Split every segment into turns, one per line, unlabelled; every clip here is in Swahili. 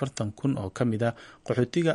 afartan kun oo ka mid a ah qaxootiga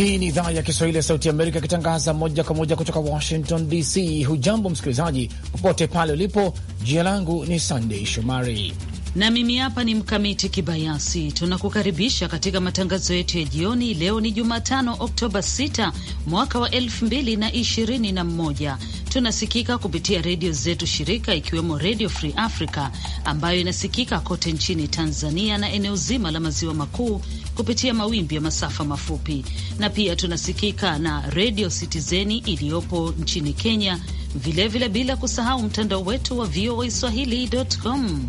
Hii ni idhaa ya Kiswahili ya Sauti Amerika ikitangaza moja kwa moja kutoka Washington DC. Hujambo msikilizaji, popote pale ulipo. Jina langu ni Sandei Shomari
na mimi hapa ni Mkamiti Kibayasi. Tunakukaribisha katika matangazo yetu ya jioni. Leo ni Jumatano, Oktoba 6 mwaka wa 2021. Tunasikika kupitia redio zetu shirika, ikiwemo Redio Free Africa ambayo inasikika kote nchini Tanzania na eneo zima la maziwa makuu kupitia mawimbi ya masafa mafupi, na pia tunasikika na Redio Citizeni iliyopo nchini Kenya vilevile, bila kusahau mtandao wetu wa VOA swahili.com.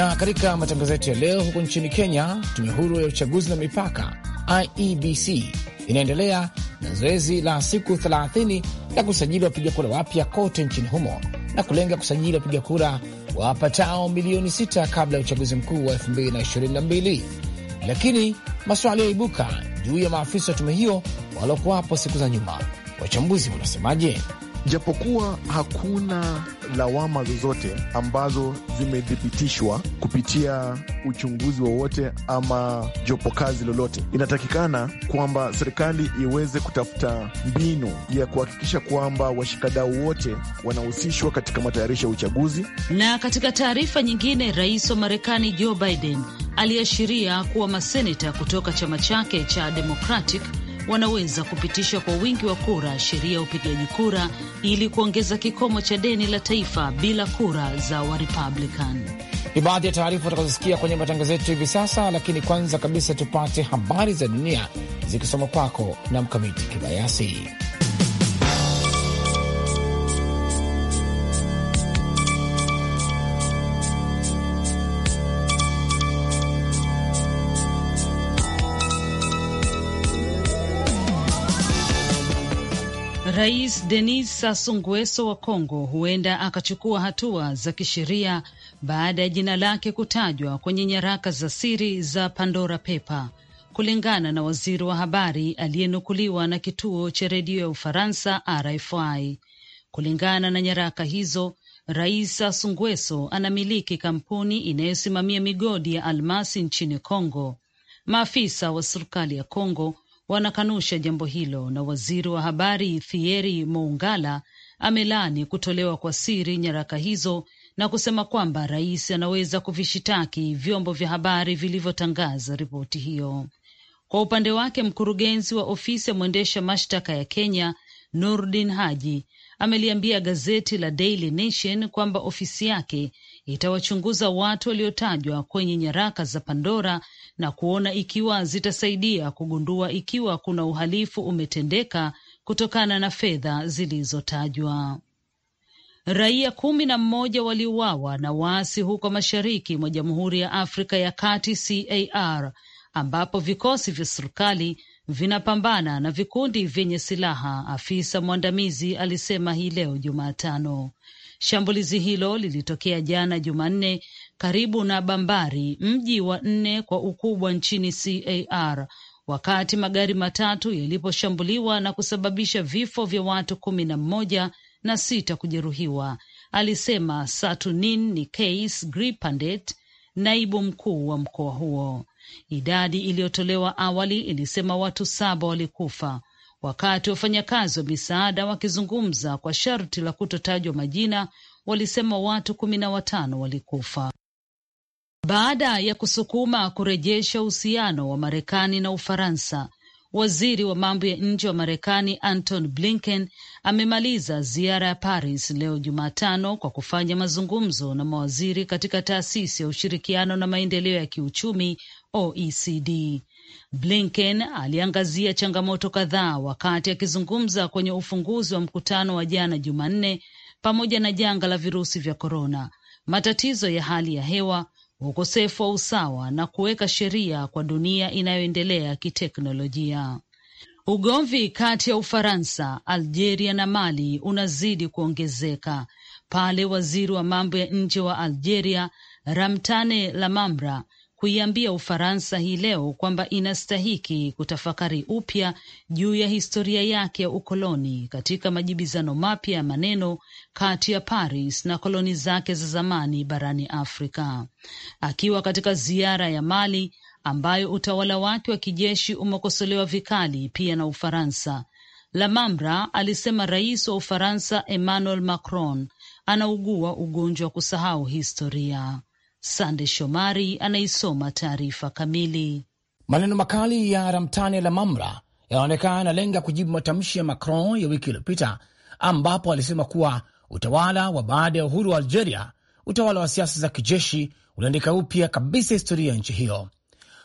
Na katika matangazo yetu ya leo, huko nchini Kenya, tume huru ya uchaguzi na mipaka IEBC inaendelea na zoezi la siku 30 la kusajili wapiga kura wapya kote nchini humo na kulenga kusajili wapiga kura wapatao milioni 6 kabla ya uchaguzi mkuu wa 2022 lakini maswali yaibuka juu ya maafisa wa tume hiyo waliokuwapo siku za nyuma. Wachambuzi wanasemaje? japokuwa hakuna lawama zozote ambazo zimethibitishwa
kupitia uchunguzi wowote ama jopo kazi lolote. Inatakikana kwamba serikali iweze kutafuta mbinu ya kuhakikisha kwamba washikadau wote wanahusishwa katika matayarisho ya uchaguzi.
Na katika taarifa nyingine, rais wa Marekani Joe Biden aliashiria kuwa maseneta kutoka chama chake cha Democratic wanaweza kupitisha kwa wingi wa kura sheria ya upigaji kura ili kuongeza kikomo cha deni la taifa bila kura za Warepublican.
Ni baadhi ya taarifa utakazosikia kwenye matangazo yetu hivi sasa, lakini kwanza kabisa tupate habari za dunia zikisoma kwako na Mkamiti Kibayasi.
Rais Denis Sassou Nguesso wa Kongo huenda akachukua hatua za kisheria baada ya jina lake kutajwa kwenye nyaraka za siri za Pandora pepa kulingana na waziri wa habari aliyenukuliwa na kituo cha redio ya Ufaransa RFI. Kulingana na nyaraka hizo, Rais Sassou Nguesso anamiliki kampuni inayosimamia migodi ya almasi nchini Kongo. Maafisa wa serikali ya Kongo wanakanusha jambo hilo, na waziri wa habari Thieri Moungala amelaani kutolewa kwa siri nyaraka hizo na kusema kwamba rais anaweza kuvishitaki vyombo vya habari vilivyotangaza ripoti hiyo. Kwa upande wake, mkurugenzi wa ofisi ya mwendesha mashtaka ya Kenya Nurdin Haji ameliambia gazeti la Daily Nation kwamba ofisi yake itawachunguza watu waliotajwa kwenye nyaraka za Pandora na kuona ikiwa zitasaidia kugundua ikiwa kuna uhalifu umetendeka kutokana na fedha zilizotajwa. Raia kumi na mmoja waliuawa na waasi huko mashariki mwa Jamhuri ya Afrika ya Kati CAR ambapo vikosi vya serikali vinapambana na vikundi vyenye silaha, afisa mwandamizi alisema hii leo Jumatano. Shambulizi hilo lilitokea jana Jumanne karibu na Bambari, mji wa nne kwa ukubwa nchini CAR, wakati magari matatu yaliposhambuliwa na kusababisha vifo vya watu kumi na mmoja na sita kujeruhiwa, alisema Satunin Nikais Gripandet, naibu mkuu wa mkoa huo. Idadi iliyotolewa awali ilisema watu saba walikufa wakati wafanyakazi wa misaada wakizungumza kwa sharti la kutotajwa majina. Walisema watu kumi na watano walikufa baada ya kusukuma kurejesha uhusiano wa Marekani na Ufaransa. Waziri wa mambo ya nje wa Marekani Anton Blinken amemaliza ziara ya Paris leo Jumatano kwa kufanya mazungumzo na mawaziri katika taasisi ya ushirikiano na maendeleo ya kiuchumi OECD. Blinken aliangazia changamoto kadhaa wakati akizungumza kwenye ufunguzi wa mkutano wa jana Jumanne, pamoja na janga la virusi vya korona, matatizo ya hali ya hewa, ukosefu wa usawa na kuweka sheria kwa dunia inayoendelea kiteknolojia. Ugomvi kati ya Ufaransa, Algeria na Mali unazidi kuongezeka pale waziri wa mambo ya nje wa Algeria Ramtane Lamamra kuiambia Ufaransa hii leo kwamba inastahiki kutafakari upya juu ya historia yake ya ukoloni katika majibizano mapya ya maneno kati ya Paris na koloni zake za zamani barani Afrika. Akiwa katika ziara ya Mali ambayo utawala wake wa kijeshi umekosolewa vikali pia na Ufaransa, Lamamra alisema rais wa Ufaransa Emmanuel Macron anaugua ugonjwa wa kusahau historia. Sande Shomari anaisoma taarifa kamili. Maneno makali ya Ramtane
Lamamra yanaonekana yanalenga kujibu matamshi ya Macron ya wiki iliyopita ambapo alisema kuwa utawala wa baada ya uhuru wa Algeria, utawala wa siasa za kijeshi, uliandika upya kabisa historia ya nchi hiyo.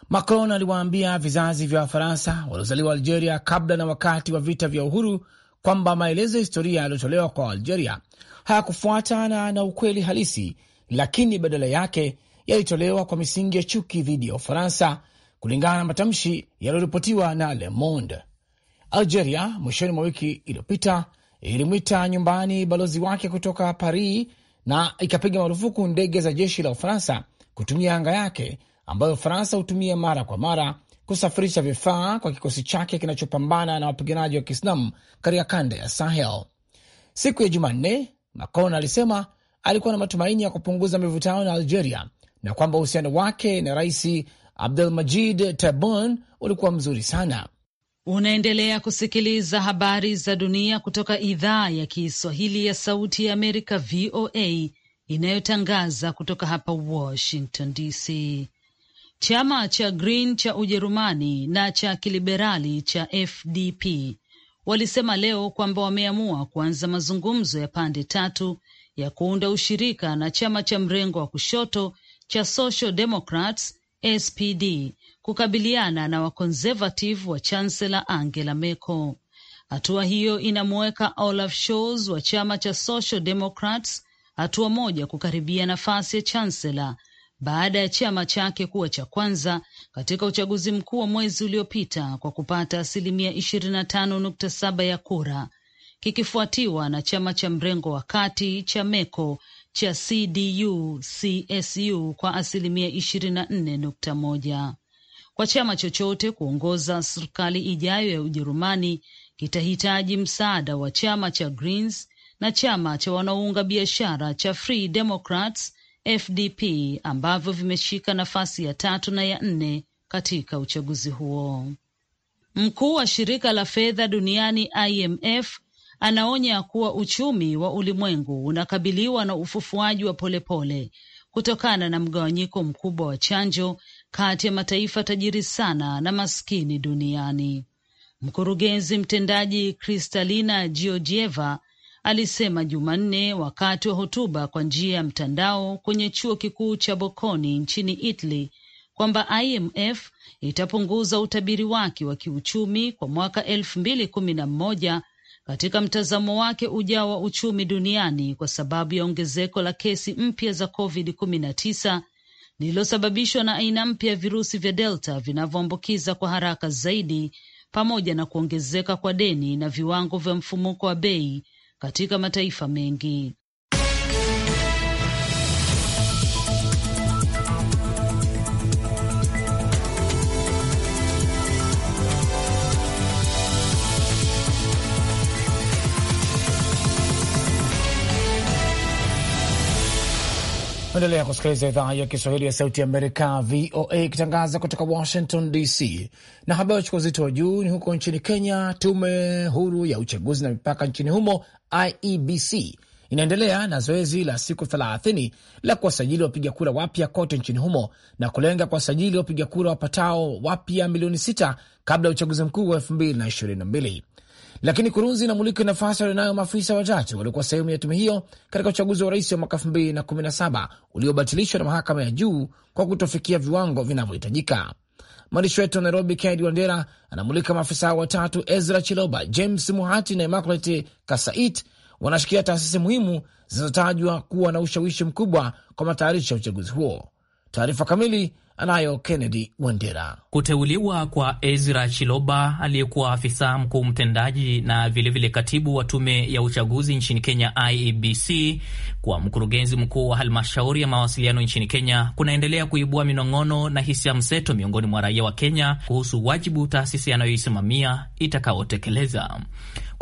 Macron aliwaambia vizazi vya Wafaransa waliozaliwa Algeria kabla na wakati wa vita vya uhuru kwamba maelezo ya historia yaliyotolewa kwa Algeria hayakufuatana na ukweli halisi lakini badala yake yalitolewa kwa misingi ya chuki dhidi ya Ufaransa, kulingana na matamshi yaliyoripotiwa na Le Monde. Algeria mwishoni mwa wiki iliyopita ilimwita nyumbani balozi wake kutoka Paris na ikapiga marufuku ndege za jeshi la Ufaransa kutumia anga yake ambayo Ufaransa hutumia mara kwa mara kusafirisha vifaa kwa kikosi chake kinachopambana na wapiganaji wa Kiislamu katika kanda ya Sahel. Siku ya Jumanne, Macron alisema alikuwa na matumaini ya kupunguza mivutano na Algeria na kwamba uhusiano wake na Rais majid Tebboune ulikuwa mzuri sana.
Unaendelea kusikiliza habari za dunia kutoka idhaa ya Kiswahili ya Sauti ya Amerika, VOA, inayotangaza kutoka hapa Washington DC. Chama cha Green cha Ujerumani na cha kiliberali cha FDP walisema leo kwamba wameamua kuanza mazungumzo ya pande tatu ya kuunda ushirika na chama cha mrengo wa kushoto cha Social Democrats SPD kukabiliana na wakonservative wa Chancellor Angela Merkel. Hatua hiyo inamuweka Olaf Scholz wa chama cha Social Democrats hatua moja kukaribia nafasi ya chancellor baada ya chama chake kuwa cha kwanza katika uchaguzi mkuu wa mwezi uliopita kwa kupata asilimia 25.7 ya kura kikifuatiwa na chama cha mrengo wa kati cha Meko cha CDU-CSU kwa asilimia 24.1. Kwa chama chochote kuongoza serikali ijayo ya Ujerumani kitahitaji msaada wa chama cha Greens na chama cha wanaounga biashara cha Free Democrats FDP ambavyo vimeshika nafasi ya tatu na ya nne katika uchaguzi huo. Mkuu wa shirika la fedha duniani IMF anaonya kuwa uchumi wa ulimwengu unakabiliwa na ufufuaji wa polepole kutokana na mgawanyiko mkubwa wa chanjo kati ya mataifa tajiri sana na maskini duniani. Mkurugenzi mtendaji Kristalina Georgieva alisema Jumanne wakati wa hotuba kwa njia ya mtandao kwenye chuo kikuu cha Bocconi nchini Italy kwamba IMF itapunguza utabiri wake wa kiuchumi kwa mwaka elfu mbili kumi na mmoja katika mtazamo wake ujao wa uchumi duniani kwa sababu ya ongezeko la kesi mpya za COVID-19 lililosababishwa na aina mpya ya virusi vya Delta vinavyoambukiza kwa haraka zaidi pamoja na kuongezeka kwa deni na viwango vya mfumuko wa bei katika mataifa mengi.
Endelea kusikiliza idhaa ya Kiswahili ya Sauti ya Amerika, VOA, ikitangaza kutoka Washington DC. Na habari uchukua uzito wa juu ni huko nchini Kenya. Tume huru ya uchaguzi na mipaka nchini humo, IEBC, inaendelea na zoezi la siku 30 la kuwasajili wapiga kura wapya kote nchini humo na kulenga kuwasajili wapiga kura wapatao wapya milioni 6 kabla ya uchaguzi mkuu wa 2022. Lakini kurunzi inamulika nafasi walionayo maafisa wachache waliokuwa sehemu ya tume hiyo katika uchaguzi wa rais wa mwaka 2017 uliobatilishwa na mahakama ya juu kwa kutofikia viwango vinavyohitajika. Mwandishi wetu wa Nairobi, Kennedy Wandera, anamulika maafisa hao watatu, Ezra Chiloba, James Muhati na Immaculate Kasait, wanashikilia taasisi muhimu zinazotajwa kuwa na ushawishi mkubwa kwa matayarisho ya uchaguzi huo. Taarifa kamili anayo Kennedy Wandera.
Kuteuliwa kwa Ezra Chiloba aliyekuwa afisa mkuu mtendaji na vilevile vile katibu wa tume ya uchaguzi nchini Kenya IEBC kwa mkurugenzi mkuu wa halmashauri ya mawasiliano nchini Kenya kunaendelea kuibua minong'ono na hisia mseto miongoni mwa raia wa Kenya kuhusu wajibu taasisi anayoisimamia itakaotekeleza.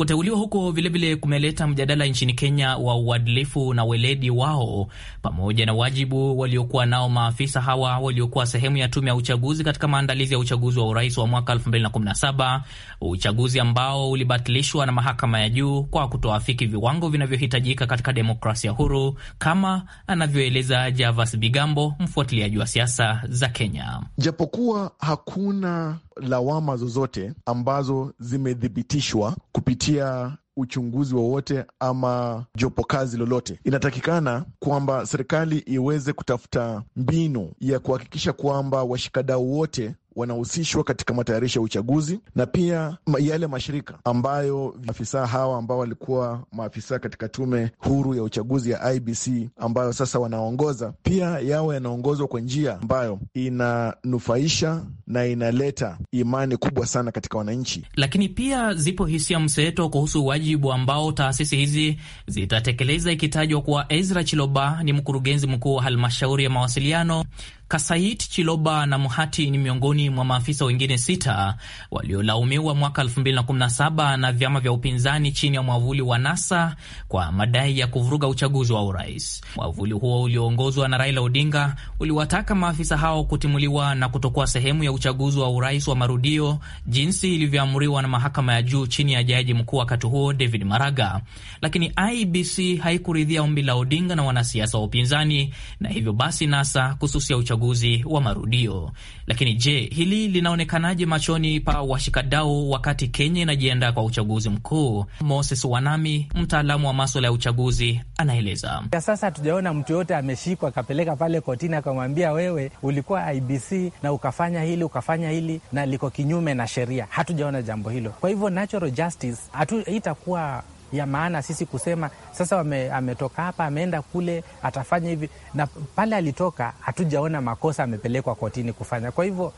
Kuteuliwa huko vilevile kumeleta mjadala nchini Kenya wa uadilifu na weledi wao pamoja na wajibu waliokuwa nao maafisa hawa waliokuwa sehemu ya tume ya uchaguzi katika maandalizi ya uchaguzi wa urais wa mwaka 2017, uchaguzi ambao ulibatilishwa na mahakama ya juu kwa kutoafiki viwango vinavyohitajika katika demokrasia huru, kama anavyoeleza Javas Bigambo, mfuatiliaji wa siasa za Kenya.
Japokuwa hakuna lawama zozote ambazo zimethibitishwa kupitia uchunguzi wowote ama jopo kazi lolote. Inatakikana kwamba serikali iweze kutafuta mbinu ya kuhakikisha kwamba washikadau wote wanahusishwa katika matayarisho ya uchaguzi na pia yale mashirika ambayo maafisa hawa ambao walikuwa maafisa katika tume huru ya uchaguzi ya IBC ambayo sasa wanaongoza pia yawe yanaongozwa kwa njia ambayo inanufaisha na inaleta imani kubwa sana katika
wananchi. Lakini pia zipo hisia mseto kuhusu wajibu ambao taasisi hizi zitatekeleza, ikitajwa kuwa Ezra Chiloba ni mkurugenzi mkuu wa halmashauri ya mawasiliano Kasait Chiloba na Muhati ni miongoni mwa maafisa wengine sita waliolaumiwa mwaka 2017 na vyama vya upinzani chini ya mwavuli wa NASA kwa madai ya kuvuruga uchaguzi wa urais. Mwavuli huo ulioongozwa na Raila Odinga uliwataka maafisa hao kutimuliwa na kutokuwa sehemu ya uchaguzi wa urais wa marudio jinsi ilivyoamriwa na mahakama ya juu chini ya jaji mkuu wakati huo David Maraga. Lakini IBC haikuridhia ombi la Odinga na wanasiasa wa upinzani, na hivyo basi NASA kususia uchaguzi uchaguzi wa marudio. Lakini je, hili linaonekanaje machoni pa washikadau wakati Kenya inajiandaa kwa uchaguzi mkuu? Moses Wanami, mtaalamu wa maswala ya uchaguzi, anaeleza.
Ya sasa hatujaona mtu yoyote ameshikwa akapeleka pale kotini akamwambia wewe ulikuwa IBC na ukafanya hili ukafanya hili na liko kinyume na sheria. Hatujaona jambo hilo, kwa hivyo natural justice hatu itakuwa ya maana sisi kusema sasa wame, ametoka hapa ameenda kule atafanya hivi, na pale alitoka hatujaona makosa amepelekwa kotini kufanya. Kwa hivyo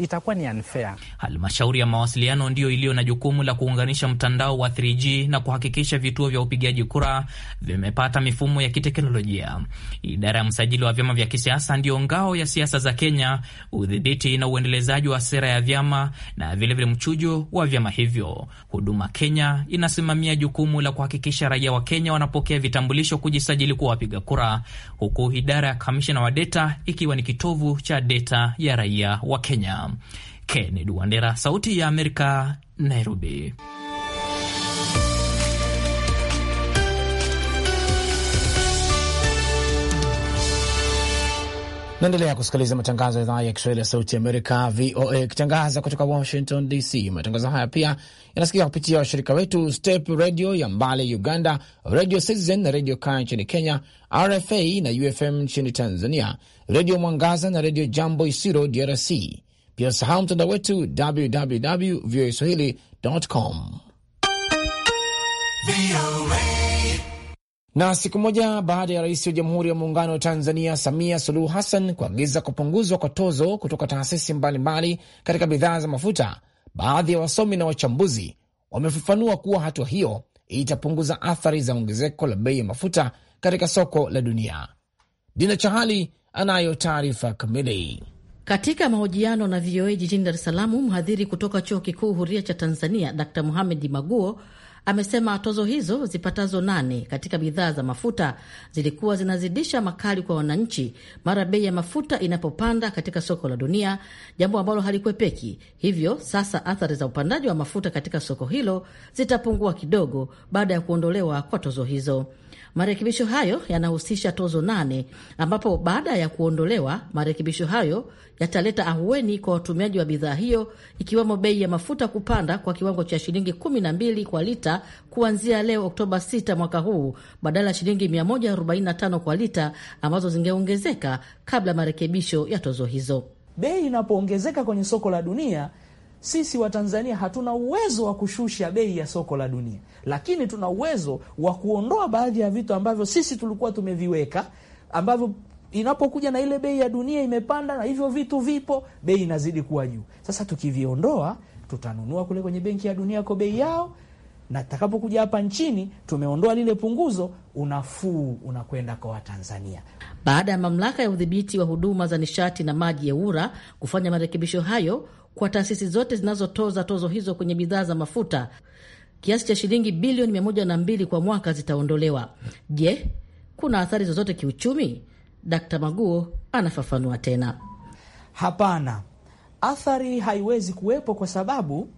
itakuwa ni unfair.
Halmashauri ya mawasiliano ndiyo iliyo na jukumu la kuunganisha mtandao wa 3G na kuhakikisha vituo vya upigaji kura vimepata mifumo ya kiteknolojia. Idara ya msajili wa vyama vya kisiasa ndiyo ngao ya siasa za Kenya, udhibiti na uendelezaji wa sera ya vyama na vilevile mchujo wa vyama hivyo. Huduma Kenya inasimamia jukumu la kuhakikisha raia wa Kenya wanapokea vitambulisho kujisajili kuwa wapiga kura, huku idara ya kamishina wa deta ikiwa ni kitovu cha deta ya raia wa Kenya. Kenya. Kennedy Wandera, Sauti ya Amerika, Nairobi. Naendelea
kusikiliza matangazo ya idhaa ya Kiswahili ya sauti Amerika, VOA, ikitangaza kutoka Washington DC. Matangazo haya pia yanasikika kupitia washirika wetu Step Radio ya Mbale Uganda, Radio Citizen na redio Kaya nchini Kenya, RFA na UFM nchini Tanzania, Redio Mwangaza na Redio Jambo Isiro DRC. Pia sahau mtandao wetu www voa swahili com. Na siku moja baada ya rais wa Jamhuri ya Muungano wa Tanzania Samia Suluhu Hassan kuagiza kupunguzwa kwa tozo kutoka taasisi mbalimbali katika bidhaa za mafuta, baadhi ya wasomi na wachambuzi wamefafanua kuwa hatua hiyo itapunguza athari za ongezeko la bei ya mafuta katika soko la dunia. Dina Chahali anayo taarifa
kamili. Katika mahojiano na VOA jijini Dar es Salaam, mhadhiri kutoka chuo kikuu huria cha Tanzania Dr muhamedi Maguo Amesema tozo hizo zipatazo nane katika bidhaa za mafuta zilikuwa zinazidisha makali kwa wananchi mara bei ya mafuta inapopanda katika soko la dunia, jambo ambalo halikwepeki. Hivyo sasa athari za upandaji wa mafuta katika soko hilo zitapungua kidogo baada ya kuondolewa kwa tozo hizo. Marekebisho hayo yanahusisha tozo nane ambapo baada ya kuondolewa marekebisho hayo yataleta ahueni kwa watumiaji wa bidhaa hiyo, ikiwemo bei ya mafuta kupanda kwa kiwango cha shilingi 1b kwa lita lita kuanzia leo Oktoba 6 mwaka huu badala ya shilingi 145 kwa lita ambazo zingeongezeka kabla marekebisho ya tozo hizo. Bei inapoongezeka kwenye soko la dunia, sisi Watanzania hatuna
uwezo wa kushusha bei ya soko la dunia, lakini tuna uwezo wa kuondoa baadhi ya vitu ambavyo sisi tulikuwa tumeviweka ambavyo inapokuja na ile bei ya dunia imepanda, na hivyo vitu vipo, bei inazidi kuwa juu. Sasa tukiviondoa, tutanunua kule kwenye benki ya dunia kwa bei yao na takapokuja hapa nchini tumeondoa lile punguzo,
unafuu unakwenda kwa Watanzania. Baada ya mamlaka ya udhibiti wa huduma za nishati na maji ya ura kufanya marekebisho hayo kwa taasisi zote zinazotoza tozo hizo kwenye bidhaa za mafuta, kiasi cha shilingi bilioni mbili kwa mwaka zitaondolewa. Je, kuna athari zozote kiuchumi? Dkt. Maguo anafafanua tena. Hapana, athari haiwezi kuwepo kwa sababu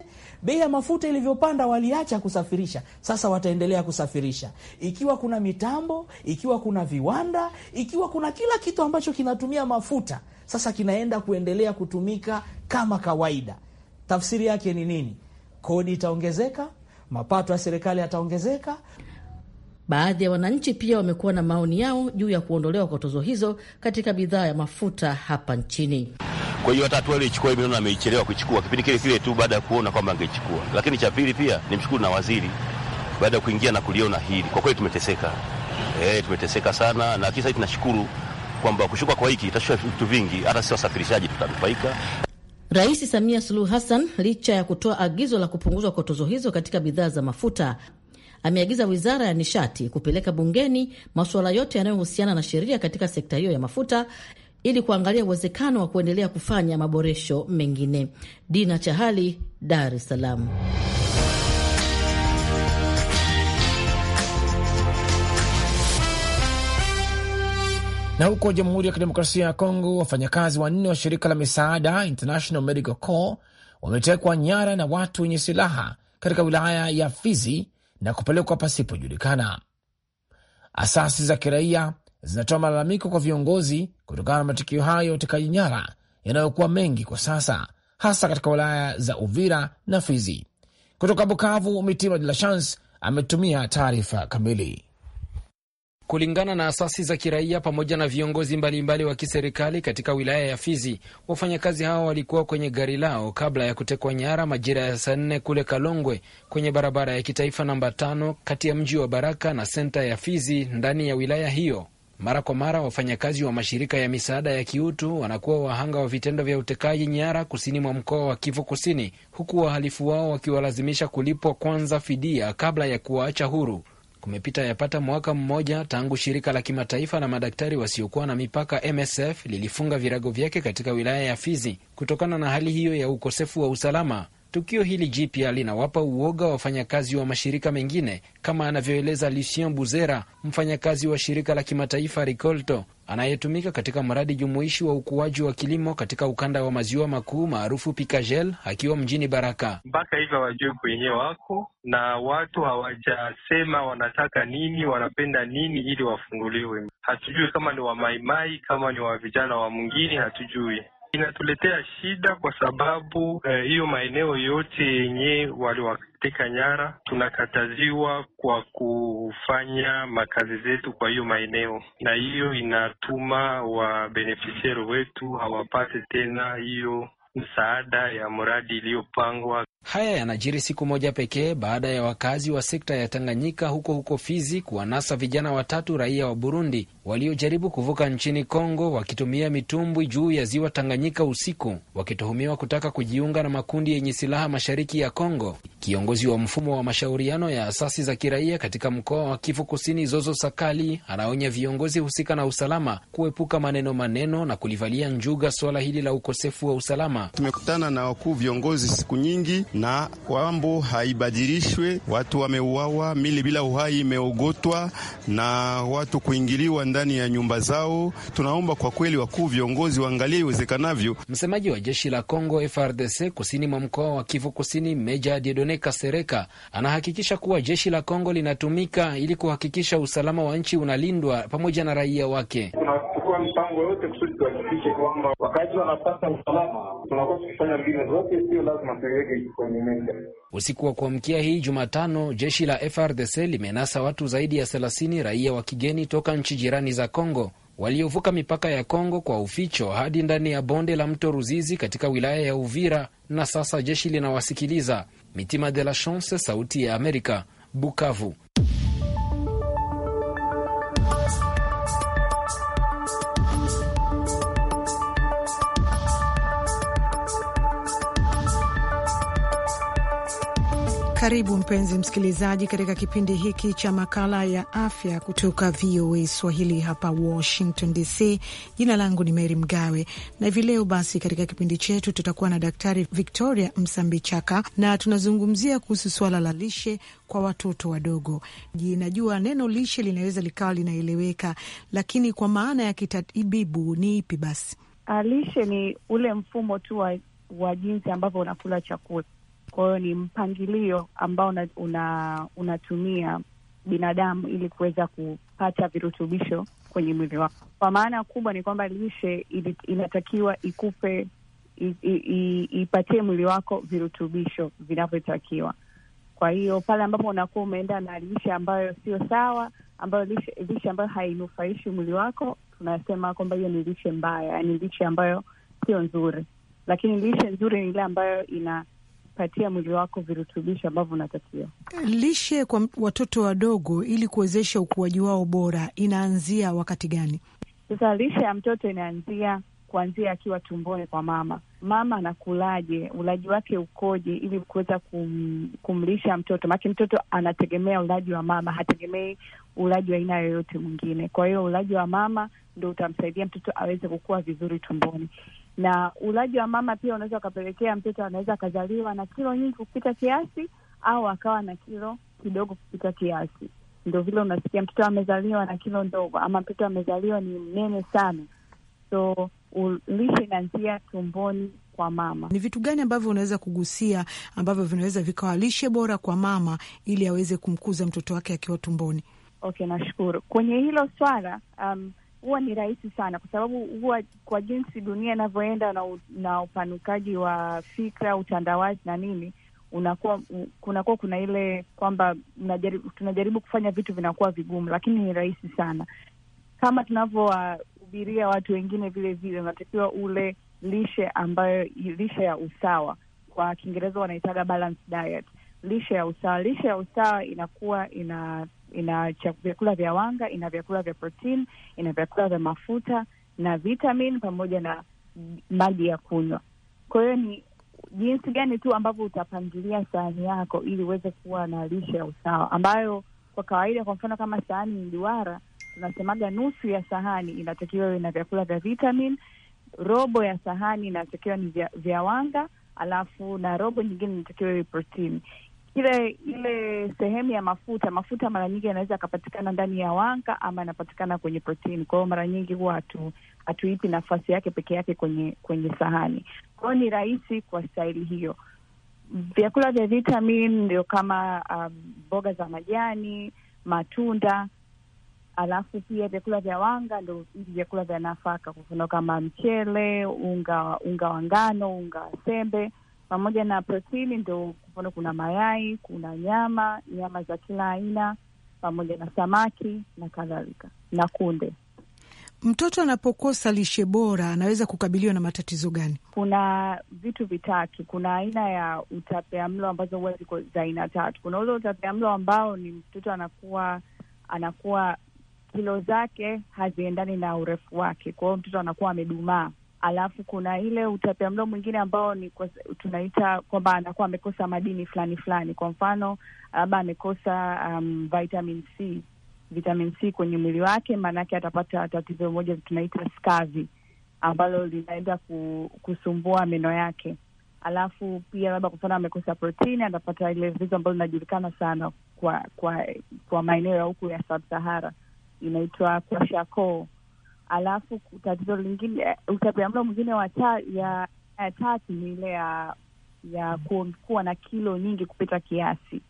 Bei ya mafuta ilivyopanda, waliacha kusafirisha, sasa wataendelea kusafirisha. Ikiwa kuna mitambo, ikiwa kuna viwanda, ikiwa kuna kila kitu ambacho kinatumia mafuta, sasa kinaenda kuendelea kutumika kama kawaida. Tafsiri yake ni nini?
Kodi itaongezeka, mapato ya serikali yataongezeka. Baadhi ya wananchi pia wamekuwa na maoni yao juu ya kuondolewa kwa tozo hizo katika bidhaa ya mafuta hapa nchini.
Kwa hiyo hata hatua ile ichukua hivi, naona ameichelewa kuichukua kipindi kile kile tu baada ya kuona kwamba angechukua. Lakini cha pili pia nimshukuru na waziri baada ya kuingia na kuliona hili, kwa kweli tumeteseka Eh, tumeteseka sana, na kisa hiki tunashukuru kwamba kushuka kwa hiki itashusha vitu vingi, hata si wasafirishaji tutanufaika.
Rais Samia Suluhu Hassan licha ya kutoa agizo la kupunguzwa kwa tozo hizo katika bidhaa za mafuta ameagiza Wizara ya Nishati kupeleka bungeni masuala yote yanayohusiana na sheria katika sekta hiyo ya mafuta ili kuangalia uwezekano wa kuendelea kufanya maboresho mengine. Dina Chahali, Dar es Salaam.
Na huko Jamhuri ya Kidemokrasia ya Kongo, wafanyakazi wanne wa shirika la misaada International Medical Corps wametekwa nyara na watu wenye silaha katika wilaya ya Fizi na kupelekwa pasipojulikana. Asasi za kiraia zinatoa malalamiko kwa viongozi kutokana na matukio hayo ya utekaji nyara yanayokuwa mengi kwa sasa, hasa katika wilaya za Uvira na Fizi. Kutoka Bukavu, Mitima De La Chance ametumia taarifa kamili.
Kulingana na asasi za kiraia pamoja na viongozi mbalimbali wa kiserikali katika wilaya ya Fizi, wafanyakazi hao walikuwa kwenye gari lao kabla ya kutekwa nyara majira ya saa nne kule Kalongwe, kwenye barabara ya kitaifa namba tano kati ya mji wa Baraka na senta ya Fizi ndani ya wilaya hiyo. Mara kwa mara wafanyakazi wa mashirika ya misaada ya kiutu wanakuwa wahanga wa vitendo vya utekaji nyara kusini mwa mkoa wa Kivu Kusini, huku wahalifu wao wakiwalazimisha kulipwa kwanza fidia kabla ya kuwaacha huru. Kumepita yapata mwaka mmoja tangu shirika la kimataifa la madaktari wasiokuwa na mipaka MSF lilifunga virago vyake katika wilaya ya Fizi kutokana na hali hiyo ya ukosefu wa usalama. Tukio hili jipya linawapa uoga wafanyakazi wa mashirika mengine, kama anavyoeleza Lucien Buzera, mfanyakazi wa shirika la kimataifa Ricolto anayetumika katika mradi jumuishi wa ukuaji wa kilimo katika ukanda wa maziwa makuu maarufu picagel akiwa mjini Baraka. Mpaka hivyo hawajui kwenye wako na watu hawajasema wanataka nini, wanapenda nini ili wafunguliwe. Hatujui kama ni wamaimai, kama ni wa vijana wa mwingine, hatujui inatuletea shida kwa sababu eh, hiyo eh, maeneo yote yenye waliwateka nyara tunakataziwa kwa kufanya makazi zetu kwa hiyo maeneo, na hiyo inatuma wabenefisiari wetu hawapate tena hiyo msaada ya mradi iliyopangwa. Haya yanajiri siku moja pekee baada ya wakazi wa sekta ya Tanganyika huko huko Fizi kuwanasa vijana watatu raia wa Burundi waliojaribu kuvuka nchini Kongo wakitumia mitumbwi juu ya ziwa Tanganyika usiku, wakituhumiwa kutaka kujiunga na makundi yenye silaha mashariki ya Kongo. Kiongozi wa mfumo wa mashauriano ya asasi za kiraia katika mkoa wa Kivu Kusini, Zozo Sakali, anaonya viongozi husika na usalama kuepuka maneno maneno na kulivalia njuga suala hili la ukosefu wa usalama
Tumekutana na wakuu viongozi siku nyingi, na wambo haibadilishwe. Watu wameuawa, mili bila uhai imeogotwa na watu kuingiliwa ndani ya nyumba zao. Tunaomba kwa kweli wakuu viongozi waangalie
iwezekanavyo. Msemaji wa jeshi la Kongo FRDC kusini mwa mkoa wa Kivu Kusini, Meja Diedone Kasereka anahakikisha kuwa jeshi la Kongo linatumika ili kuhakikisha usalama wa nchi unalindwa pamoja na raia wake
wakati wanapata usalama, tunakuwa tukifanya mbinu zote, sio lazima tuiweke kwenye meza.
Usiku wa kuamkia hii Jumatano, jeshi la FRDC limenasa watu zaidi ya thelathini raia wa kigeni toka nchi jirani za Congo waliovuka mipaka ya Kongo kwa uficho hadi ndani ya bonde la mto Ruzizi katika wilaya ya Uvira, na sasa jeshi linawasikiliza. Mitima de la Chance, Sauti ya Amerika, Bukavu.
Karibu mpenzi msikilizaji, katika kipindi hiki cha makala ya afya kutoka VOA Swahili hapa Washington DC. Jina langu ni Meri Mgawe na hivi leo basi, katika kipindi chetu tutakuwa na Daktari Victoria Msambichaka na tunazungumzia kuhusu suala la lishe kwa watoto wadogo. Najua neno lishe linaweza likawa linaeleweka, lakini kwa maana ya kitatibibu ni ipi? Basi
lishe ni ule mfumo tu wa, wa jinsi ambavyo unakula chakula kwa hiyo ni mpangilio ambao una, unatumia binadamu ili kuweza kupata virutubisho kwenye mwili wako. Kwa maana kubwa ni kwamba lishe inatakiwa ikupe I, i, i, ipatie mwili wako virutubisho vinavyotakiwa. Kwa hiyo pale ambapo unakuwa umeenda na lishe ambayo sio sawa, ambayo lishe, lishe ambayo hainufaishi mwili wako, tunasema kwamba hiyo ni lishe mbaya, yaani lishe ambayo sio nzuri. Lakini lishe nzuri ni ile ambayo ina kupatia mwili wako virutubishi ambavyo unatakiwa.
Lishe kwa watoto wadogo ili kuwezesha ukuaji wao bora inaanzia wakati gani?
Sasa lishe ya mtoto inaanzia kuanzia akiwa tumboni kwa mama. Mama anakulaje? Ulaji wake ukoje? ili kuweza kum, kumlisha mtoto, maanake mtoto anategemea ulaji wa mama, hategemei ulaji wa aina yoyote mwingine. Kwa hiyo ulaji wa mama ndo utamsaidia mtoto aweze kukua vizuri tumboni na ulaji wa mama pia unaweza ukapelekea mtoto anaweza akazaliwa na kilo nyingi kupita kiasi au akawa na kilo kidogo kupita kiasi. Ndo vile unasikia mtoto amezaliwa na kilo ndogo ama mtoto amezaliwa ni mnene sana. So lishe inaanzia tumboni kwa mama.
Ni vitu gani ambavyo unaweza kugusia ambavyo vinaweza vikawa lishe bora kwa mama ili aweze kumkuza mtoto wake akiwa tumboni?
Okay, nashukuru kwenye hilo swala. Um, huwa ni rahisi sana, kwa sababu huwa kwa jinsi dunia inavyoenda na, na upanukaji wa fikra, utandawazi na nini, unakuwa kunakuwa kuna ile kwamba tunajaribu kufanya vitu vinakuwa vigumu, lakini ni rahisi sana. Kama tunavyowahubiria watu wengine, vile vile unatakiwa ule lishe ambayo lishe ya usawa, kwa Kiingereza wanaitaga diet, lishe ya usawa. Lishe ya usawa inakuwa ina ina vyakula vya wanga, ina vyakula vya protein, ina vyakula vya mafuta na vitamin pamoja na maji ya kunywa. Kwa hiyo ni jinsi gani tu ambavyo utapangilia sahani yako ili uweze kuwa na lishe ya usawa, ambayo kwa kawaida, kwa mfano kama sahani ni duara, tunasemaga nusu ya sahani inatakiwa iwe na vyakula vya vitamin, robo ya sahani inatakiwa ni vya, vya wanga alafu na robo nyingine inatakiwa iwe protini ile ile sehemu ya mafuta. Mafuta mara nyingi yanaweza yakapatikana ndani ya wanga ama yanapatikana kwenye protini. Kwa hiyo mara nyingi huwa hatu hatuipi nafasi yake peke yake kwenye kwenye sahani. Kwa hiyo ni rahisi kwa staili hiyo. Vyakula vya vitamin ndio kama um, mboga za majani, matunda alafu pia vyakula vya wanga ndo hivi vyakula vya nafaka, kwa mfano kama mchele, unga unga wa ngano, unga wa sembe pamoja na protini ndo kufano, kuna mayai, kuna nyama, nyama za kila aina, pamoja na samaki na kadhalika
na kunde. Mtoto anapokosa lishe bora anaweza kukabiliwa na matatizo gani?
Kuna vitu vitatu. Kuna aina ya utapia mlo ambazo huwa ziko za aina tatu. Kuna ule utapia mlo ambao ni mtoto anakuwa anakuwa kilo zake haziendani na urefu wake, kwa hiyo mtoto anakuwa amedumaa alafu kuna ile utapia mlo mwingine ambao ni kwa, tunaita kwamba anakuwa amekosa madini fulani fulani, kwa mfano labda amekosa um, vitamin C vitamin C kwenye mwili wake, maanake atapata tatizo moja tunaita skazi ambalo linaenda kusumbua meno yake. Alafu pia labda kwa mfano amekosa protini, atapata ile vizo ambalo linajulikana sana kwa kwa kwa maeneo ya huku ya Sub Sahara, inaitwa kwashakoo alafu tatizo lingine, utapiamlo mwingine wa ya tatu ni ile ya ya kuwa na kilo nyingi kupita kiasi,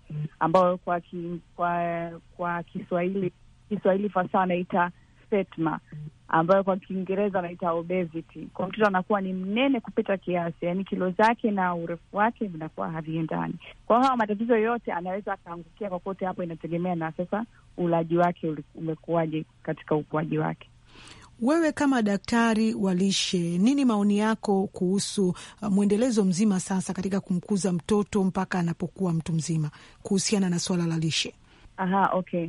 ambayo kwa ki, kwa kwa Kiswahili Kiswahili fasa anaita fetma, ambayo kwa Kiingereza anaita obesity. Kwa mtoto anakuwa ni mnene kupita kiasi, yaani kilo zake na urefu wake vinakuwa haviendani. Kwa hiyo hawa matatizo yote anaweza akaangukia kokote hapo, inategemea na sasa ulaji wake umekuwaje katika ukuaji wake.
Wewe kama daktari wa lishe, nini maoni yako kuhusu uh, mwendelezo mzima sasa katika kumkuza mtoto mpaka anapokuwa mtu mzima kuhusiana
na swala la lishe? Aha, okay.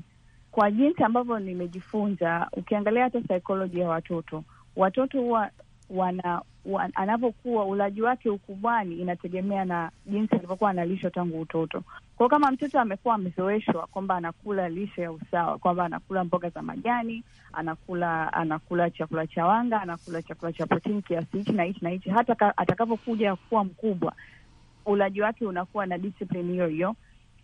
Kwa jinsi ambavyo nimejifunza, ukiangalia hata saikolojia ya watoto, watoto huwa wana anavyokuwa ulaji wake ukubwani inategemea na jinsi alivyokuwa analishwa tangu utoto. Kwao kama mtoto amekuwa amezoeshwa kwamba anakula lishe ya usawa, kwamba anakula mboga za majani, anakula anakula chakula cha wanga, anakula chakula cha protini kiasi hichi na hichi na hichi, hata atakapokuja kuwa mkubwa, ulaji wake unakuwa na discipline hiyo hiyo.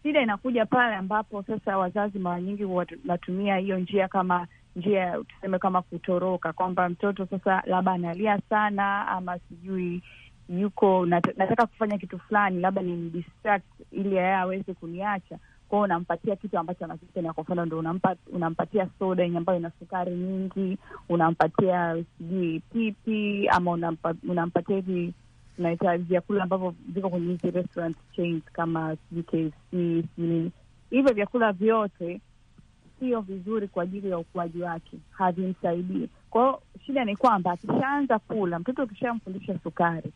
Shida inakuja pale ambapo sasa wazazi mara nyingi wanatumia hiyo njia kama njia tuseme kama kutoroka, kwamba mtoto sasa labda analia sana, ama sijui yuko nat nataka kufanya kitu fulani, labda nimdistract ili yeye aweze kuniacha kwao, unampatia kitu ambacho anakipenda. Kwa mfano, ndo unampa, unampatia soda yenye ambayo ina sukari nyingi, unampatia sijui pipi, ama unampa, unampatia hivi tunaita vyakula ambavyo viko kwenye hizi restaurant chains kama sijui KFC, sijui hivyo vyakula vyote sio vizuri kwa ajili ya ukuaji wake, havimsaidii. Kwa hiyo shida ni kwamba akishaanza kula, mtoto ukishamfundisha sukari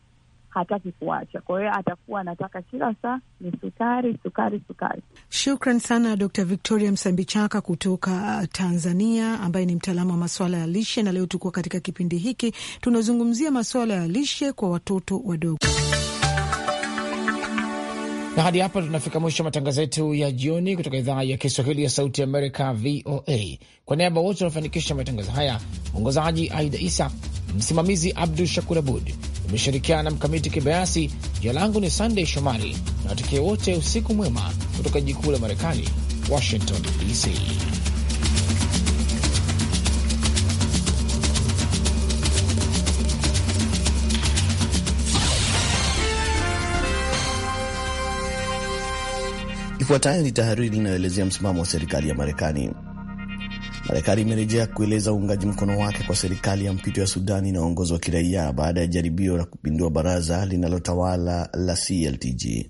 hataki kuacha, kwa hiyo atakuwa anataka kila saa ni sukari, sukari, sukari.
Shukran sana Dr. Victoria Msambichaka kutoka uh, Tanzania, ambaye ni mtaalamu wa maswala ya lishe, na leo tukuwa katika kipindi hiki tunazungumzia maswala ya lishe kwa watoto wadogo
na hadi hapa tunafika mwisho wa matangazo yetu ya jioni kutoka idhaa ya Kiswahili ya Sauti Amerika, VOA. Kwa niaba wote wanafanikisha matangazo haya, mwongozaji Aida Isa, msimamizi Abdu Shakur Abud, imeshirikiana na Mkamiti Kibayasi. Jina langu ni Sandey Shomari na watakie wote usiku mwema kutoka jikuu la Marekani, Washington DC.
Ifuatayo ni tahariri inayoelezea msimamo wa serikali ya Marekani. Marekani imerejea kueleza uungaji mkono wake kwa serikali ya mpito ya Sudani inayoongozwa kiraia baada ya jaribio la kupindua baraza linalotawala la CLTG.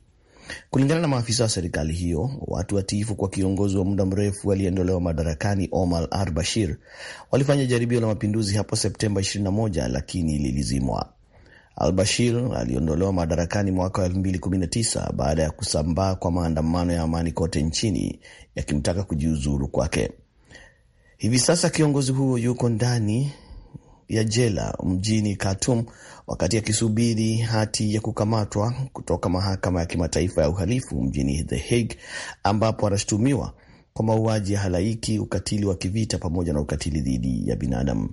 Kulingana na maafisa wa serikali hiyo, watu watiifu kwa kiongozi wa muda mrefu aliyeondolewa madarakani Omar al Bashir walifanya jaribio la mapinduzi hapo Septemba 21 lakini lilizimwa. Al-Bashir aliondolewa madarakani mwaka wa 2019 baada ya kusambaa kwa maandamano ya amani kote nchini yakimtaka kujiuzuru kwake. Hivi sasa kiongozi huo yuko ndani ya jela mjini Khartoum wakati akisubiri hati ya kukamatwa kutoka mahakama ya kimataifa ya uhalifu mjini The Hague, ambapo anashutumiwa kwa mauaji ya halaiki, ukatili wa kivita pamoja na ukatili dhidi ya binadamu.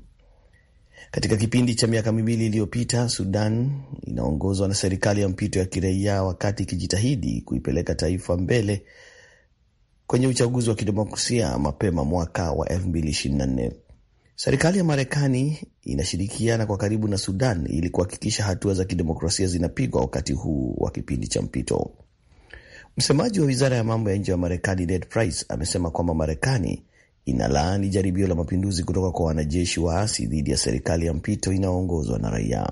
Katika kipindi cha miaka miwili iliyopita, Sudan inaongozwa na serikali ya mpito ya kiraia wakati ikijitahidi kuipeleka taifa mbele kwenye uchaguzi wa kidemokrasia mapema mwaka wa 2024. Serikali ya Marekani inashirikiana kwa karibu na Sudan ili kuhakikisha hatua za kidemokrasia zinapigwa wakati huu wa kipindi cha mpito. Msemaji wa wizara ya mambo ya nje ya Marekani Ned Price amesema kwamba Marekani inalaani jaribio la mapinduzi kutoka kwa wanajeshi waasi dhidi ya serikali ya mpito inayoongozwa na raia.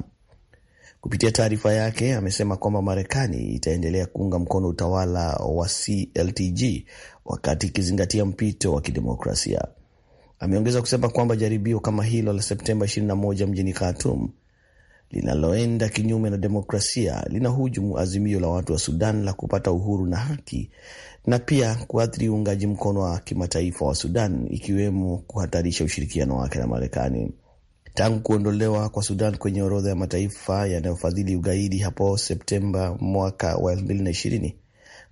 Kupitia taarifa yake, amesema kwamba Marekani itaendelea kuunga mkono utawala wa CLTG wakati ikizingatia mpito wa kidemokrasia. Ameongeza kusema kwamba jaribio kama hilo la Septemba 21 mjini Khartoum linaloenda kinyume na demokrasia linahujumu azimio la watu wa Sudan la kupata uhuru na haki na pia kuathiri uungaji mkono wa kimataifa wa Sudan, ikiwemo kuhatarisha ushirikiano wake na Marekani. Tangu kuondolewa kwa Sudan kwenye orodha ya mataifa yanayofadhili ugaidi hapo Septemba mwaka wa 2020,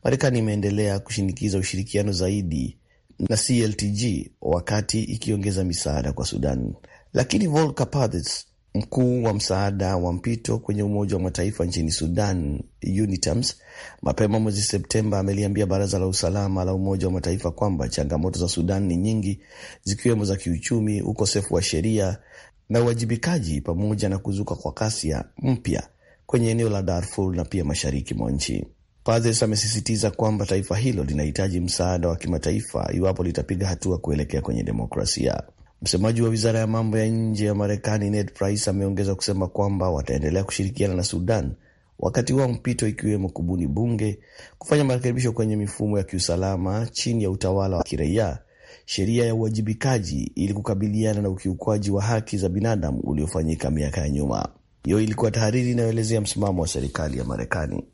Marekani imeendelea kushinikiza ushirikiano zaidi na CLTG wakati ikiongeza misaada kwa Sudan, lakini Volker Perthes mkuu wa msaada wa mpito kwenye Umoja wa Mataifa nchini Sudan, UNITAMS, mapema mwezi Septemba ameliambia Baraza la Usalama la Umoja wa Mataifa kwamba changamoto za Sudan ni nyingi, zikiwemo za kiuchumi, ukosefu wa sheria na uwajibikaji, pamoja na kuzuka kwa kasia mpya kwenye eneo la Darfur na pia mashariki mwa nchi. Pathes amesisitiza kwamba taifa hilo linahitaji msaada wa kimataifa iwapo litapiga hatua kuelekea kwenye demokrasia. Msemaji wa wizara ya mambo ya nje ya Marekani Ned Price ameongeza kusema kwamba wataendelea kushirikiana na Sudan wakati wa mpito, ikiwemo kubuni bunge, kufanya marekebisho kwenye mifumo ya kiusalama chini ya utawala wa kiraia, sheria ya uwajibikaji, ili kukabiliana na ukiukwaji wa haki za binadamu uliofanyika miaka ya nyuma. Hiyo ilikuwa tahariri inayoelezea msimamo wa serikali ya Marekani.